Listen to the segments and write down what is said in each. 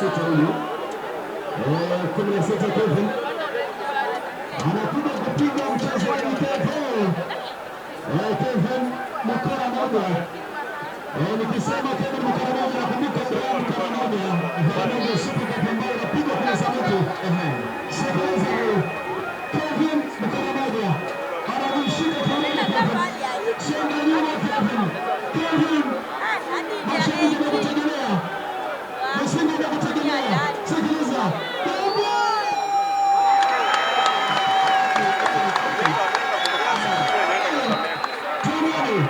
City oynuyor. E, Kumine City Kevin. Anapida kupiga mchezaji Kevin. E, Kevin o E, nikisema Kevin Mukaramoja nakumbuka Brian Mukaramoja. Mukaramoja siku kapambao napigwa kwenye samaki. Ehe.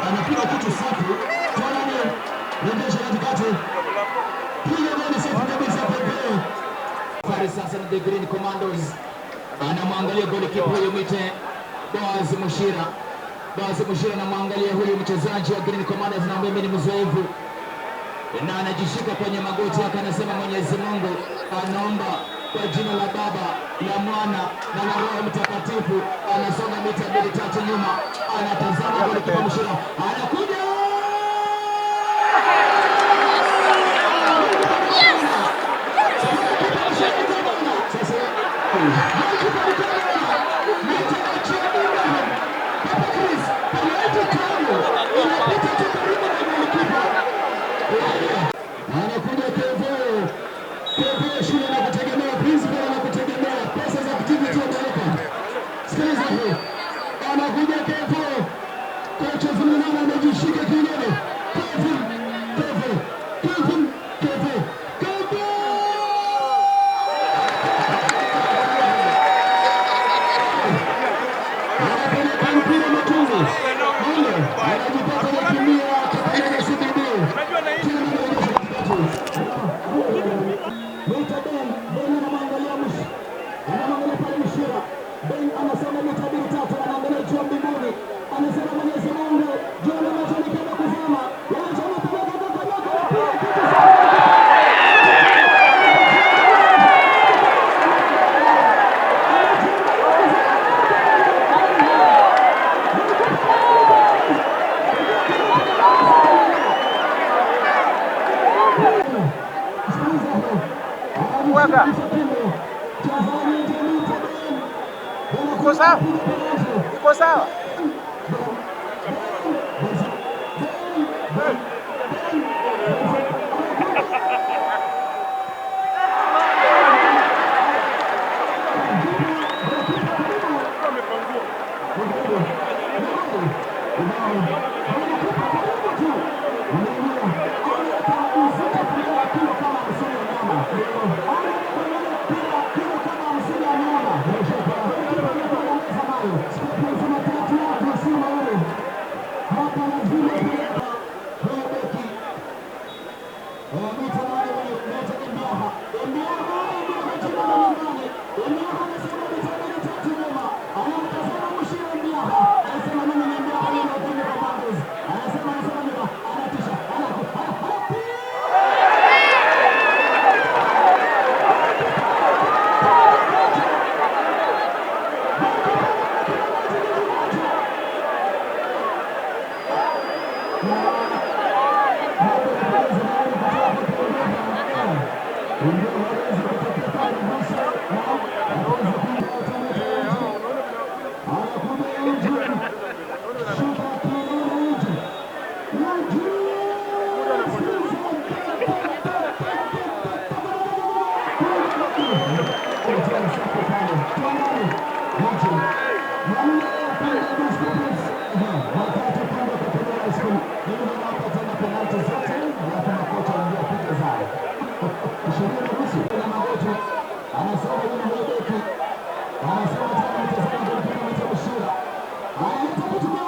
anapiga kitu safi, tuangalie rejesha katikati, piga ni safi kabisa. Pepe pale sasa na the Green Commandos anamwangalia golikipa huyo mwite Boaz Mushira. Boaz Mushira anamwangalia huyu mchezaji wa Green Commandos na mimi ni mzoevu na anajishika kwenye magoti yake, anasema Mwenyezi Mungu anaomba kwa jina la Baba na Mwana na la Roho Mtakatifu. Anasonga mita mbili tatu nyuma, anatazama kwa mshira, anakuja Iko sawa? Iko sawa? Yeah. anasema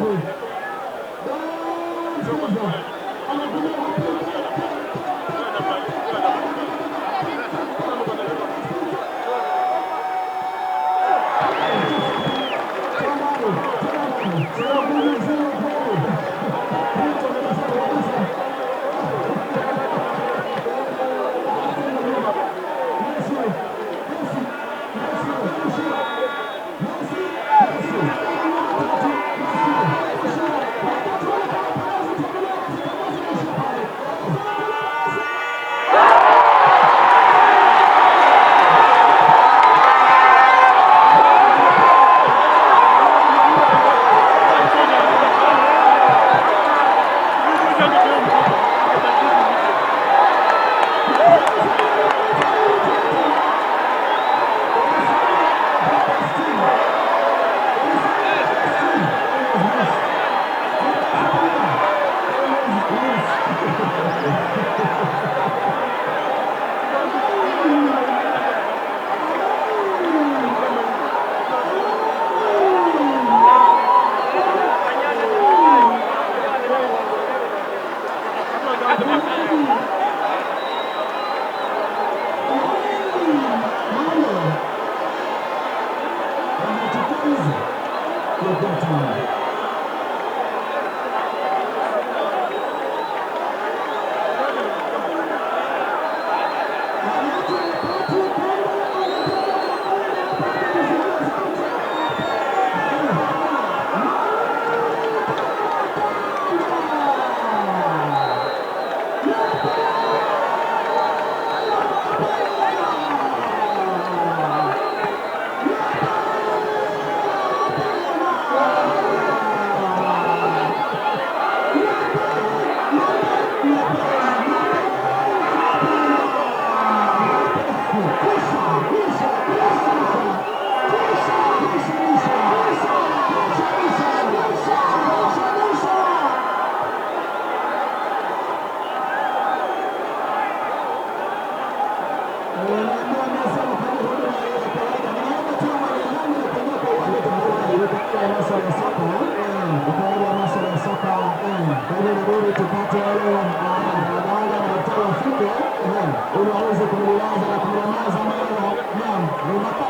Thank you. s a l a soka Ukawada masala soka Kabili budi tupate wale Wanaga wanatoa fiko Unaweza kumulaza na kumlemaza mara Naam, unapata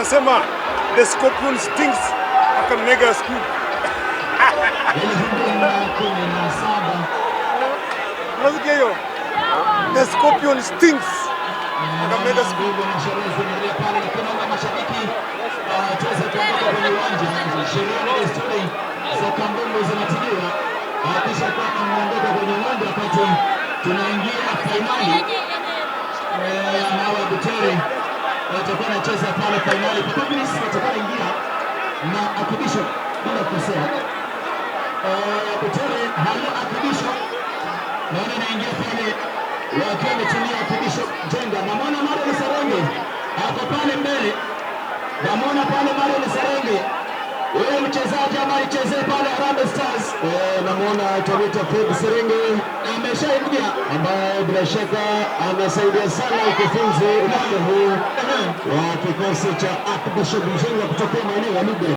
anasema the scorpion stings aka mega school. Unasikia hiyo? The scorpion stings aka mega school. Tunaingia fainali. kucheza pale fainali Pabilis watakaingia na akibisho bila kukosea. Eh, Butere hana akibisho naona naingia pale wakiwa wametumia akibisho jenga. Namwona Marion Sarenge ako pale mbele, namwona pale Marion Sarenge yeye mchezaji ambaye alichezea pale Harambee Stars, eh, namwona Tabita Fred Serenge ameshaingia ambaye bila shaka anasaidia sana ukufunzi upande huu wa kikosi cha Akbishop Mzinga kutokea maeneo ya Libya.